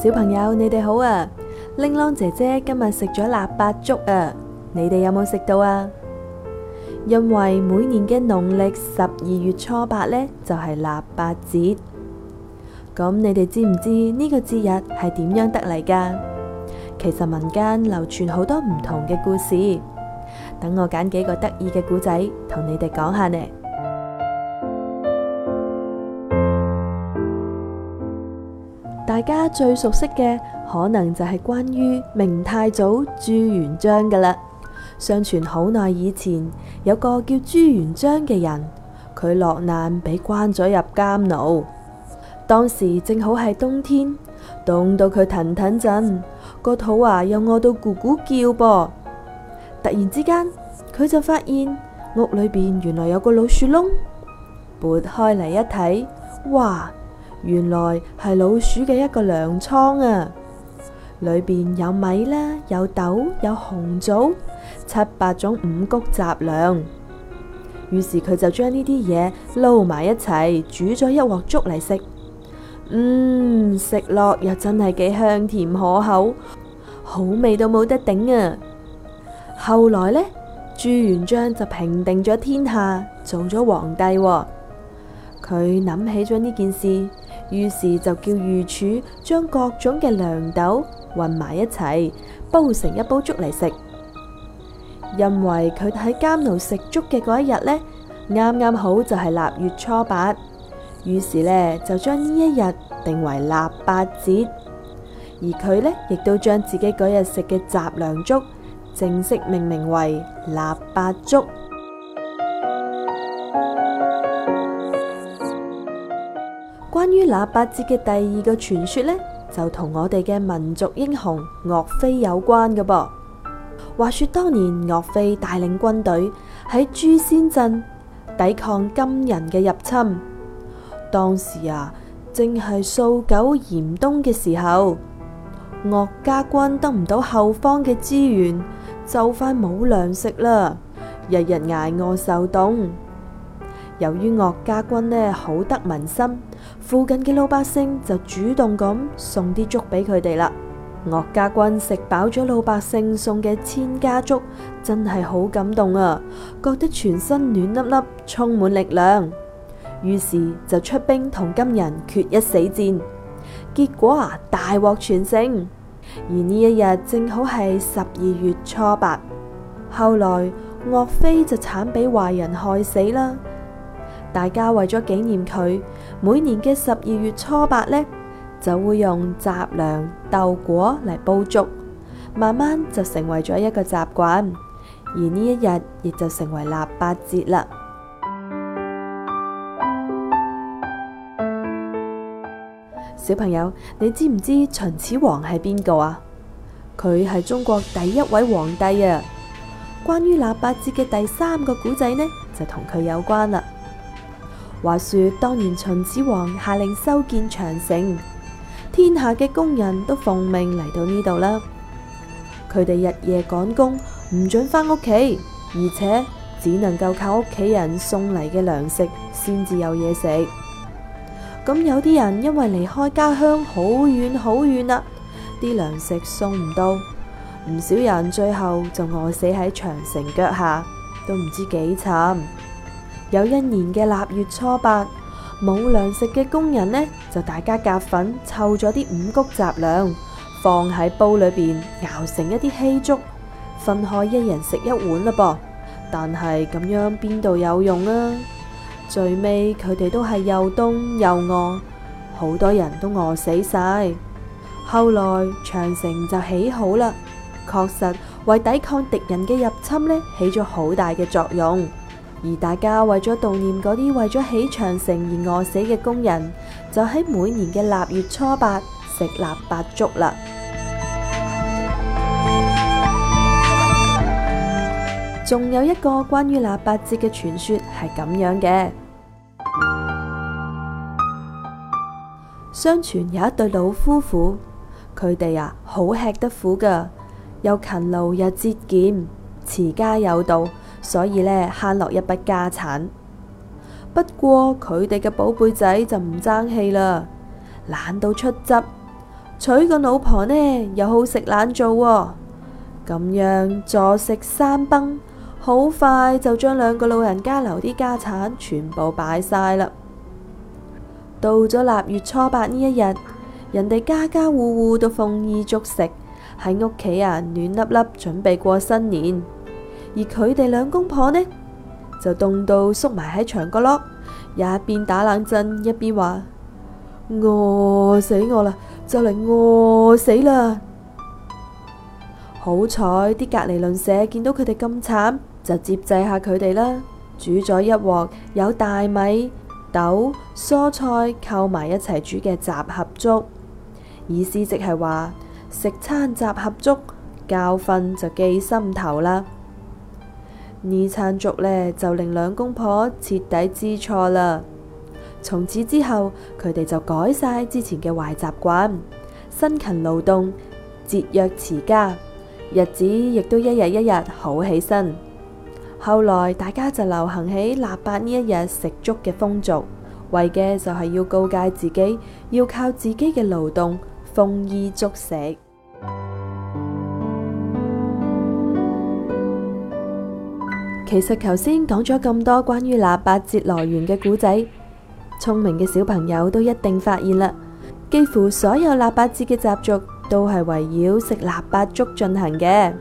小朋友，你哋好啊！玲琅姐姐今日食咗臘八粥啊，你哋有冇食到啊？因為每年嘅農曆十二月初八呢，就係臘八節。咁你哋知唔知呢個節日係點樣得嚟㗎？其實民間流傳好多唔同嘅故事，等我揀幾個得意嘅故仔同你哋講下呢。家最熟悉嘅可能就係關於明太祖朱元璋嘅啦。相傳好耐以前有個叫朱元璋嘅人，佢落難被關咗入監牢，當時正好係冬天，凍到佢騰騰震，個肚啊又餓到咕咕叫噃。突然之間佢就發現屋裏邊原來有個老鼠窿，撥開嚟一睇，哇！原來係老鼠嘅一個糧倉啊，裏邊有米啦，有豆，有紅棗，七八種五穀雜糧。於是佢就將呢啲嘢撈埋一齊，煮咗一鑊粥嚟食。嗯，食落又真係幾香甜可口，好味到冇得頂啊！後來呢，朱元璋就平定咗天下，做咗皇帝啊。佢諗起咗呢件事。於是就叫御廚將各種嘅糧豆混埋一齊，煲成一煲粥嚟食。因為佢喺監牢食粥嘅嗰一日呢，啱啱好就係臘月初八，於是呢，就將呢一日定為臘八節，而佢呢，亦都將自己嗰日食嘅雜糧粥正式命名為臘八粥。關於臘八節嘅第二個傳說呢，就同我哋嘅民族英雄岳飛有關嘅噃。話說當年岳飛帶領軍隊喺朱仙鎮抵抗金人嘅入侵，當時啊，正係數九嚴冬嘅時候，岳家軍得唔到後方嘅支援，就快冇糧食啦，日日挨餓受凍。由於岳家軍呢好得民心，附近嘅老百姓就主動咁送啲粥俾佢哋啦。岳家軍食飽咗，老百姓送嘅千家粥真係好感動啊，覺得全身暖粒粒，充滿力量。於是就出兵同金人決一死戰，結果啊大獲全勝。而呢一日正好係十二月初八。後來岳飛就慘俾壞人害死啦。大家為咗紀念佢，每年嘅十二月初八呢，就會用雜糧豆果嚟煲粥，慢慢就成為咗一個習慣，而呢一日亦就成為臘八節啦。小朋友，你知唔知秦始皇係邊個啊？佢係中國第一位皇帝啊。關於臘八節嘅第三個古仔呢，就同佢有關啦。話說當年秦始皇下令修建長城，天下嘅工人都奉命嚟到呢度啦。佢哋日夜趕工，唔准翻屋企，而且只能夠靠屋企人送嚟嘅糧食先至有嘢食。咁有啲人因為離開家鄉好遠好遠啦，啲糧食送唔到，唔少人最後就餓死喺長城腳下，都唔知幾慘。有一年嘅臘月初八，冇糧食嘅工人呢，就大家夾粉，湊咗啲五穀雜糧，放喺煲裏邊熬成一啲稀粥，分開一人食一碗啦噃。但係咁樣邊度有用啊？最尾佢哋都係又凍又餓，好多人都餓死晒。後來長城就起好啦，確實為抵抗敵人嘅入侵呢，起咗好大嘅作用。而大家為咗悼念嗰啲為咗起長城而餓死嘅工人，就喺每年嘅臘月初八食臘八粥啦。仲 有一個關於臘八節嘅傳說係咁樣嘅： 相傳有一對老夫婦，佢哋啊好吃得苦噶，又勤勞又節儉，持家有道。所以呢，慳落一筆家產。不過佢哋嘅寶貝仔就唔爭氣啦，懶到出汁，娶個老婆呢又好食懶做，哦，咁樣坐食山崩，好快就將兩個老人家留啲家產全部擺晒啦。到咗臘月初八呢一日，人哋家家戶戶都豐衣足食，喺屋企啊暖粒粒準備過新年。而佢哋兩公婆呢，就凍到縮埋喺牆角落，一邊打冷震一邊話餓死我啦，就嚟餓死啦。好彩啲隔籬鄰舍見到佢哋咁慘，就接濟下佢哋啦，煮咗一鑊有大米、豆、蔬菜扣埋一齊煮嘅雜合粥，意思即係話食餐雜合粥，教訓就記心頭啦。呢餐粥呢，就令兩公婆徹底知錯啦。從此之後，佢哋就改晒之前嘅壞習慣，辛勤勞動，節約持家，日子亦都一日一日好起身。後來大家就流行起臘八呢一日食粥嘅風俗，為嘅就係要告誡自己要靠自己嘅勞動豐衣足食。其實頭先講咗咁多關於臘八節來源嘅古仔，聰明嘅小朋友都一定發現啦。幾乎所有臘八節嘅習俗都係圍繞食臘八粥進行嘅。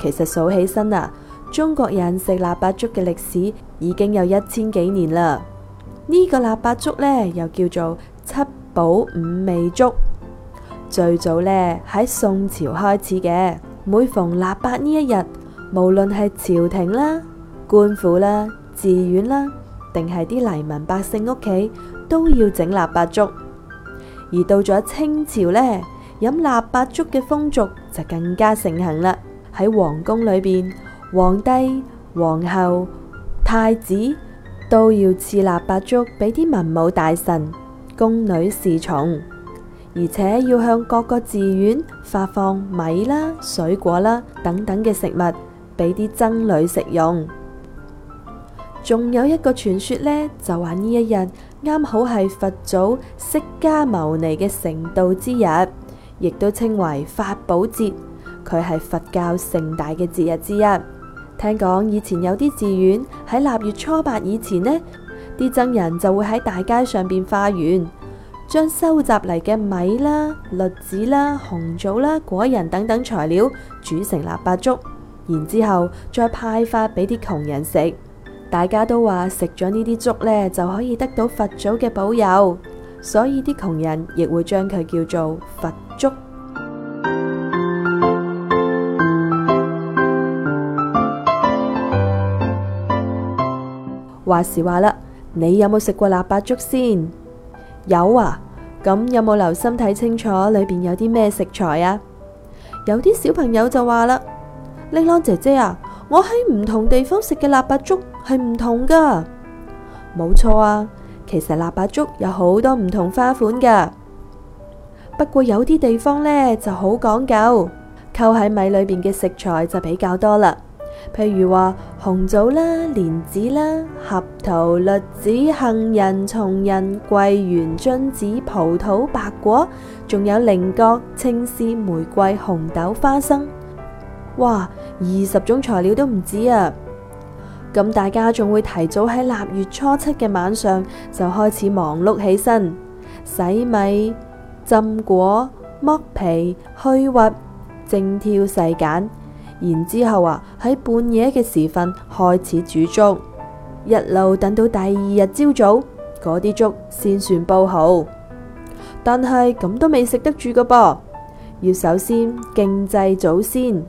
其實數起身啊，中國人食臘八粥嘅歷史已經有一千幾年啦。呢個臘八粥呢，又叫做七寶五味粥，最早呢，喺宋朝開始嘅。每逢臘八呢一日，無論係朝廷啦，官府啦、寺院啦，定係啲黎民百姓屋企，都要整臘八粥。而到咗清朝呢，飲臘八粥嘅風俗就更加盛行啦。喺皇宮裏邊，皇帝、皇后、太子都要賜臘八粥俾啲文武大臣、宮女侍從，而且要向各個寺院發放米啦、水果啦等等嘅食物俾啲僧侶食用。仲有一個傳說呢，就話呢一日啱好係佛祖釋迦牟尼嘅成道之日，亦都稱為法寶節。佢係佛教盛大嘅節日之一。聽講以前有啲寺院喺臘月初八以前呢，啲僧人就會喺大街上邊化緣，將收集嚟嘅米啦、栗子啦、紅棗啦、果仁等等材料煮成臘八粥，然之後再派發俾啲窮人食。大家都話食咗呢啲粥呢，就可以得到佛祖嘅保佑，所以啲窮人亦會將佢叫做佛粥。話時話啦，你有冇食過臘八粥先？有啊，咁有冇留心睇清楚裏邊有啲咩食材啊？有啲小朋友就話啦，玲朗姐姐啊，我喺唔同地方食嘅臘八粥。係唔同噶，冇錯啊！其實臘八粥有好多唔同花款嘅，不過有啲地方呢就好講究，扣喺米裏邊嘅食材就比較多啦。譬如話紅棗啦、蓮子啦、核桃、栗子、杏仁、松仁、桂圓、榛子、葡萄、白果，仲有菱角、青絲、玫瑰、紅豆、花生。哇，二十種材料都唔止啊！咁大家仲會提早喺臘月初七嘅晚上就開始忙碌起身，洗米、浸果、剝皮、去核，精挑細揀，然之後啊喺半夜嘅時分開始煮粥，一路等到第二日朝早，嗰啲粥先算煲好。但係咁都未食得住噶噃，要首先敬祭祖先，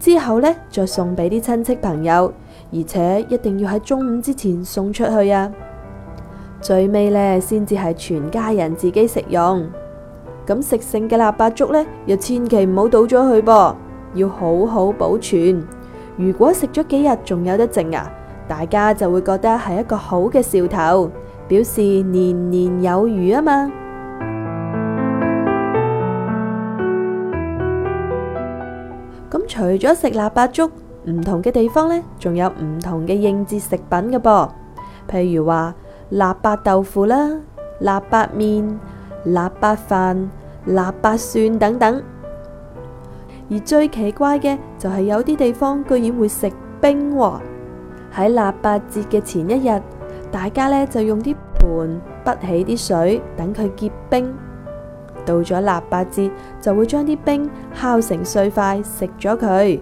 之後呢，再送俾啲親戚朋友。而且一定要喺中午之前送出去啊！最尾呢，先至係全家人自己食用。咁食剩嘅臘八粥呢，又千祈唔好倒咗去噃，要好好保存。如果食咗幾日仲有得剩啊，大家就會覺得係一個好嘅兆頭，表示年年有餘啊嘛。咁、嗯嗯嗯、除咗食臘八粥，唔同嘅地方呢，仲有唔同嘅應節食品嘅噃，譬如話臘八豆腐啦、臘八麵、臘八飯、臘八蒜等等。而最奇怪嘅就係有啲地方居然會食冰喎！喺臘八節嘅前一日，大家呢就用啲盤潷起啲水，等佢結冰。到咗臘八節，就會將啲冰敲成碎塊，食咗佢。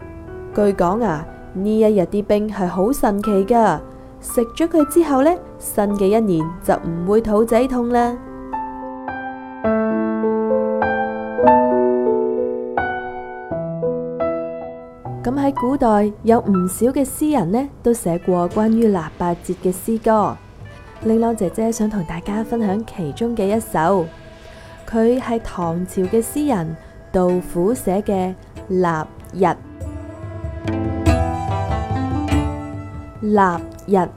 據講啊，呢一日啲冰係好神奇噶，食咗佢之後呢，新嘅一年就唔會肚仔痛啦。咁喺古代有唔少嘅詩人呢，都寫過關於臘八節嘅詩歌。令朗姐姐想同大家分享其中嘅一首，佢係唐朝嘅詩人杜甫寫嘅《臘日》。臘日，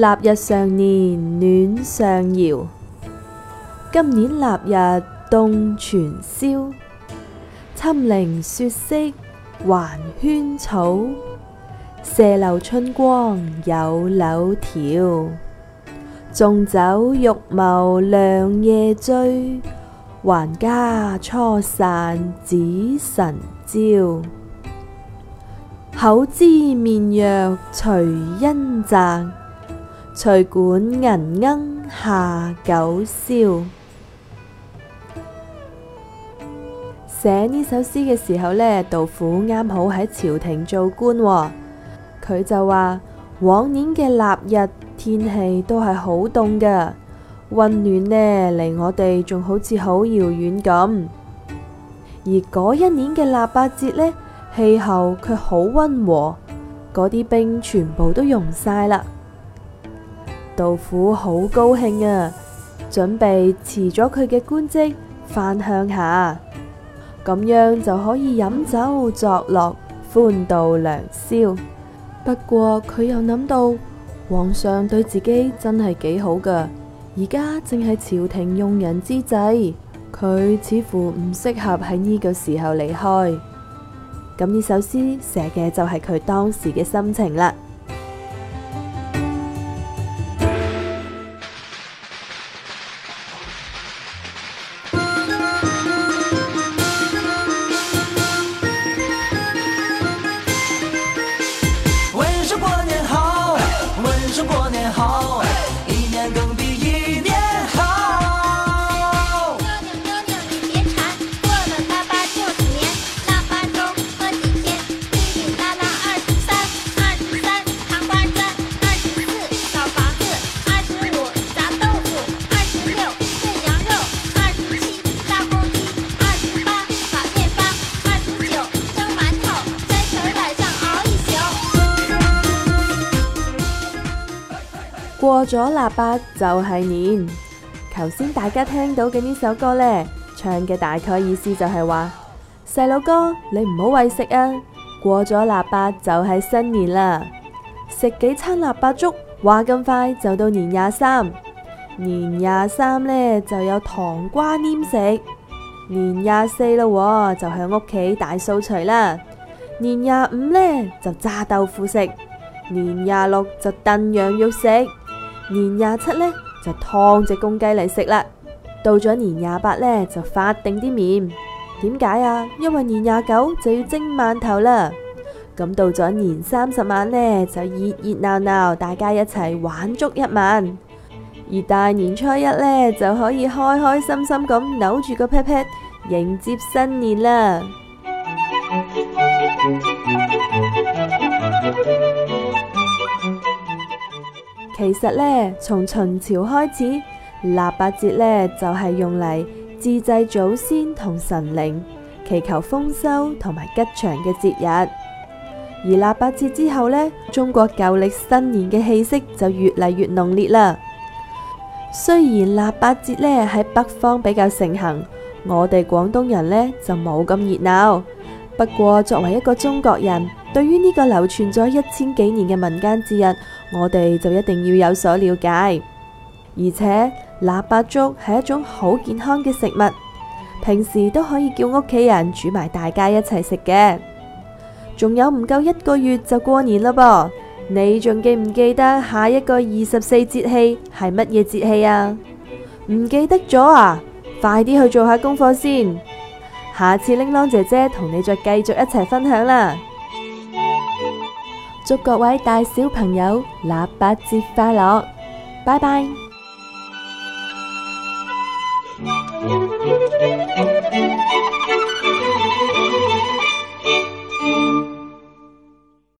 臘日常年暖尚遙，今年臘日凍全消。侵凌雪色還萱草，射漏春光有柳條。縱酒欲謀良夜醉，還家初散紫宸朝。口知面若隨恩澤，隨管銀罌下九霄。寫呢首詩嘅時候呢，杜甫啱好喺朝廷做官，佢就話：往年嘅臘日天氣都係好凍㗎，溫暖呢離我哋仲好似好遙遠咁。而嗰一年嘅臘八節呢？氣候卻好溫和，嗰啲冰全部都溶晒啦。杜甫好高興啊，準備辭咗佢嘅官職，返鄉下，咁樣就可以飲酒作樂，歡度良宵。不過佢又諗到，皇上對自己真係幾好噶，而家正係朝廷用人之際，佢似乎唔適合喺呢個時候離開。咁呢首詩寫嘅就係佢當時嘅心情啦。過咗臘八就係年，頭先大家聽到嘅呢首歌呢，唱嘅大概意思就係話：細佬 哥，你唔好為食啊！過咗臘八就係新年啦，食幾餐臘八粥，話咁快就到年廿三。年廿三呢就有糖瓜黏食，年廿四啦，就喺屋企大掃除啦。年廿五呢，就炸豆腐食，年廿六就燉羊肉食。年廿七呢，就燙隻公雞嚟食啦，到咗年廿八呢，就發定啲麵，點解啊？因為年廿九就要蒸饅頭啦。咁到咗年三十晚呢，就熱熱鬧鬧，大家一齊玩足一晚，而大年初一呢，就可以開開心心咁扭住個 pat pat 迎接新年啦。其實呢，從秦朝開始，臘八節呢就係、是、用嚟祭祀祖先同神靈，祈求豐收同埋吉祥嘅節日。而臘八節之後呢，中國舊曆新年嘅氣息就越嚟越濃烈啦。雖然臘八節呢喺北方比較盛行，我哋廣東人呢就冇咁熱鬧。不過作為一個中國人，對於呢個流傳咗一千幾年嘅民間節日，我哋就一定要有所了解。而且臘八粥係一種好健康嘅食物，平時都可以叫屋企人煮埋，大家一齊食嘅。仲有唔夠一個月就過年嘞噃，你仲記唔記得下一個二十四節氣係乜嘢節氣啊？唔記得咗啊！快啲去做下功課先，下次鈴朗姐姐同你再繼續一齊分享啦。祝各位大小朋友臘八節快樂，拜拜。